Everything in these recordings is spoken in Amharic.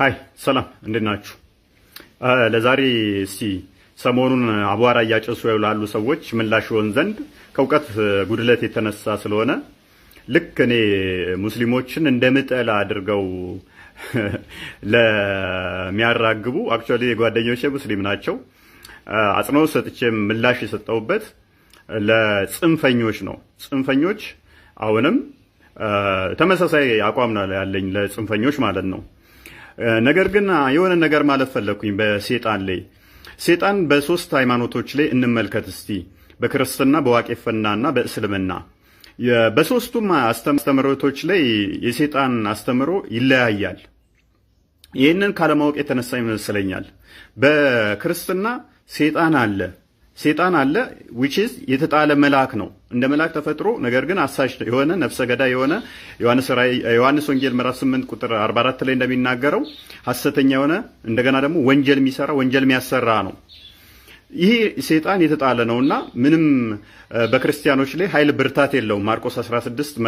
ሀይ ሰላም፣ እንዴት ናችሁ? ለዛሬ እስቲ ሰሞኑን አቧራ እያጨሱ ላሉ ሰዎች ምላሽ ይሆን ዘንድ ከእውቀት ጉድለት የተነሳ ስለሆነ ልክ እኔ ሙስሊሞችን እንደምጠል አድርገው ለሚያራግቡ አክቹዋሊ የጓደኞቼ ሙስሊም ናቸው አጽንኦት ሰጥቼ ምላሽ የሰጠውበት ለጽንፈኞች ነው። ጽንፈኞች አሁንም ተመሳሳይ አቋም ነው ያለኝ ለጽንፈኞች ማለት ነው። ነገር ግን የሆነ ነገር ማለት ፈለግኩኝ በሴጣን ላይ ሴጣን በሶስት ሃይማኖቶች ላይ እንመልከት እስቲ በክርስትና በዋቄፈናና በእስልምና በሶስቱም አስተምሮቶች ላይ የሴጣን አስተምሮ ይለያያል። ይህንን ካለማወቅ የተነሳ ይመስለኛል በክርስትና ሴጣን አለ ሴጣን አለ ዊችዝ የተጣለ መልአክ ነው። እንደ መልአክ ተፈጥሮ ነገር ግን አሳሽ የሆነ ነፍሰ ገዳይ የሆነ ዮሐንስ ወንጌል ምዕራፍ 8 ቁጥር 44 ላይ እንደሚናገረው ሐሰተኛ የሆነ እንደገና ደግሞ ወንጀል የሚሰራ ወንጀል የሚያሰራ ነው። ይሄ ሴጣን የተጣለ ነውና ምንም በክርስቲያኖች ላይ ኃይል ብርታት የለውም። ማርቆስ 16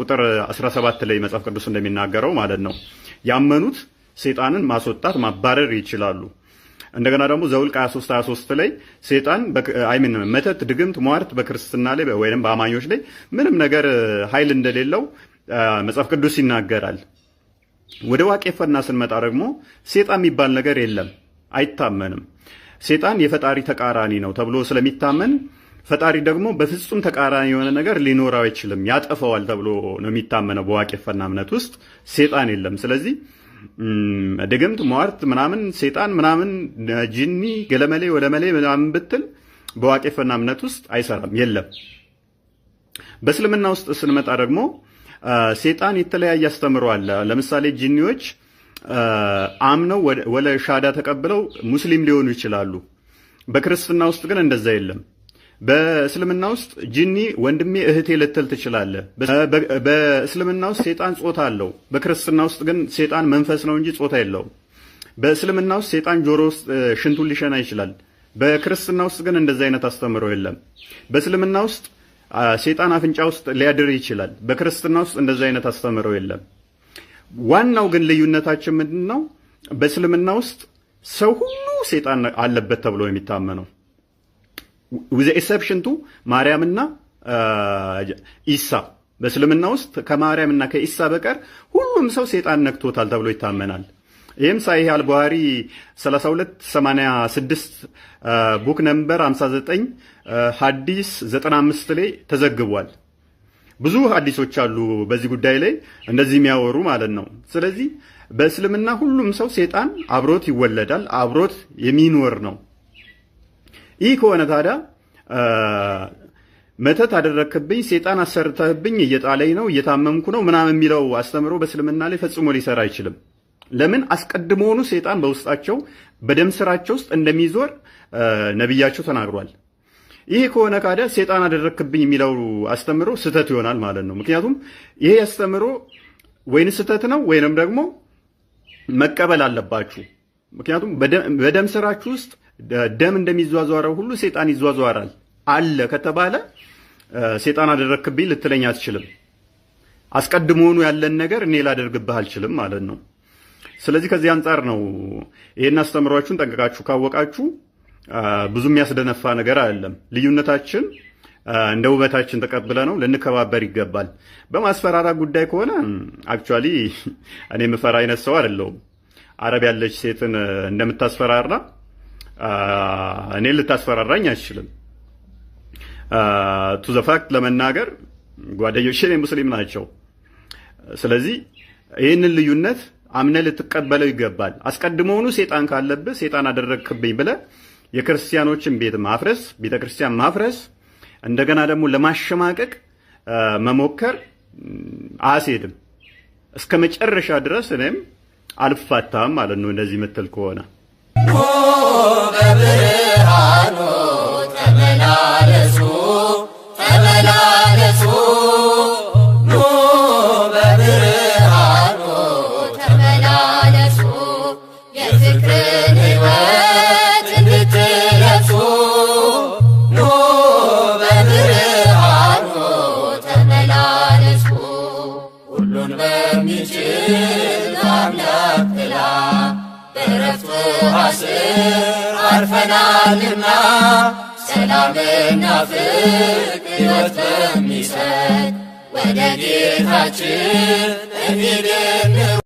ቁጥር 17 ላይ መጽሐፍ ቅዱስ እንደሚናገረው ማለት ነው። ያመኑት ሴጣንን ማስወጣት ማባረር ይችላሉ። እንደገና ደግሞ ዘውልቅ 23 23 ላይ ሴጣን አይምን መተት፣ ድግምት፣ ሟርት በክርስትና ላይ ወይም በአማኞች ላይ ምንም ነገር ኃይል እንደሌለው መጽሐፍ ቅዱስ ይናገራል። ወደ ዋቄፈና ስንመጣ ደግሞ ሴጣን የሚባል ነገር የለም፣ አይታመንም። ሴጣን የፈጣሪ ተቃራኒ ነው ተብሎ ስለሚታመን ፈጣሪ ደግሞ በፍጹም ተቃራኒ የሆነ ነገር ሊኖረው አይችልም፣ ያጠፈዋል ተብሎ ነው የሚታመነው። በዋቄፈና እምነት ውስጥ ሴጣን የለም። ስለዚህ ድግምት፣ ሟርት ምናምን፣ ሴጣን ምናምን፣ ጂኒ፣ ገለመሌ፣ ወለመሌ ምናምን ብትል በዋቄፈና እምነት ውስጥ አይሰራም፣ የለም። በእስልምና ውስጥ ስንመጣ ደግሞ ሴጣን የተለያየ አስተምሮ አለ። ለምሳሌ ጂኒዎች አምነው ወለ ሻዳ ተቀብለው ሙስሊም ሊሆኑ ይችላሉ። በክርስትና ውስጥ ግን እንደዛ የለም። በእስልምና ውስጥ ጂኒ ወንድሜ እህቴ ልትል ትችላለህ። በእስልምና ውስጥ ሴጣን ጾታ አለው። በክርስትና ውስጥ ግን ሴጣን መንፈስ ነው እንጂ ጾታ የለውም። በእስልምና ውስጥ ሴጣን ጆሮ ውስጥ ሽንቱን ሊሸና ይችላል። በክርስትና ውስጥ ግን እንደዚህ አይነት አስተምሮ የለም። በእስልምና ውስጥ ሴጣን አፍንጫ ውስጥ ሊያድር ይችላል። በክርስትና ውስጥ እንደዚህ አይነት አስተምሮ የለም። ዋናው ግን ልዩነታችን ምንድን ነው? በእስልምና ውስጥ ሰው ሁሉ ሴጣን አለበት ተብሎ የሚታመነው ዊዘ ኤክሰፕሽን ቱ ማርያምና ኢሳ በእስልምና ውስጥ ከማርያምና ከኢሳ በቀር ሁሉም ሰው ሴጣን ነክቶታል ተብሎ ይታመናል። ይህም ሳይህ አልቡሃሪ 3286 ቡክ ነምበር 59 ሀዲስ 95 ላይ ተዘግቧል። ብዙ ሀዲሶች አሉ በዚህ ጉዳይ ላይ እንደዚህ የሚያወሩ ማለት ነው። ስለዚህ በእስልምና ሁሉም ሰው ሴጣን አብሮት ይወለዳል፣ አብሮት የሚኖር ነው። ይህ ከሆነ ታዲያ መተት አደረክብኝ፣ ሴጣን አሰርተህብኝ፣ እየጣለኝ ነው፣ እየታመምኩ ነው ምናምን የሚለው አስተምሮ በእስልምና ላይ ፈጽሞ ሊሰራ አይችልም። ለምን? አስቀድሞውኑ ሴጣን በውስጣቸው በደም ስራቸው ውስጥ እንደሚዞር ነቢያቸው ተናግሯል። ይሄ ከሆነ ካዲያ ሴጣን አደረክብኝ የሚለው አስተምሮ ስህተት ይሆናል ማለት ነው። ምክንያቱም ይሄ አስተምሮ ወይን ስህተት ነው ወይንም ደግሞ መቀበል አለባችሁ። ምክንያቱም በደም ስራችሁ ውስጥ ደም እንደሚዟዟረው ሁሉ ሴጣን ይዟዟራል አለ ከተባለ ሴጣን አደረክብኝ ልትለኝ አትችልም። አስቀድሞውኑ ያለን ነገር እኔ ላደርግብህ አልችልም ማለት ነው። ስለዚህ ከዚህ አንጻር ነው ይህን አስተምሯችሁን ጠንቀቃችሁ ካወቃችሁ ብዙ የሚያስደነፋ ነገር አይደለም። ልዩነታችን እንደ ውበታችን ተቀብለ ነው ልንከባበር ይገባል። በማስፈራራ ጉዳይ ከሆነ አክቹዋሊ እኔ የምፈራ አይነት ሰው አይደለሁም። አረብ ያለች ሴትን እንደምታስፈራራ እኔ ልታስፈራራኝ አይችልም። ቱ ዘ ፋክት ለመናገር ጓደኞቼ ሙስሊም ናቸው። ስለዚህ ይህንን ልዩነት አምነ ልትቀበለው ይገባል። አስቀድሞውኑ ሴጣን ካለብህ ሴጣን አደረግክብኝ ብለ የክርስቲያኖችን ቤት ማፍረስ፣ ቤተክርስቲያን ማፍረስ፣ እንደገና ደግሞ ለማሸማቀቅ መሞከር አያስሄድም። እስከ መጨረሻ ድረስ እኔም አልፋታም ማለት ነው እንደዚህ ምትል ከሆነ በብርሃኑ ተመላለሱ ተመላለሱ ኑ በብርሃኑ ተመላለሱ የፍቅርን ሕይወት ሁሉን በሚችል አምላክ ጥላ በረፍቱ ሐስር አርፈናልና ሰላምና ፍቅር በሚሰጥ ወደ ጌታችን እንሂድ።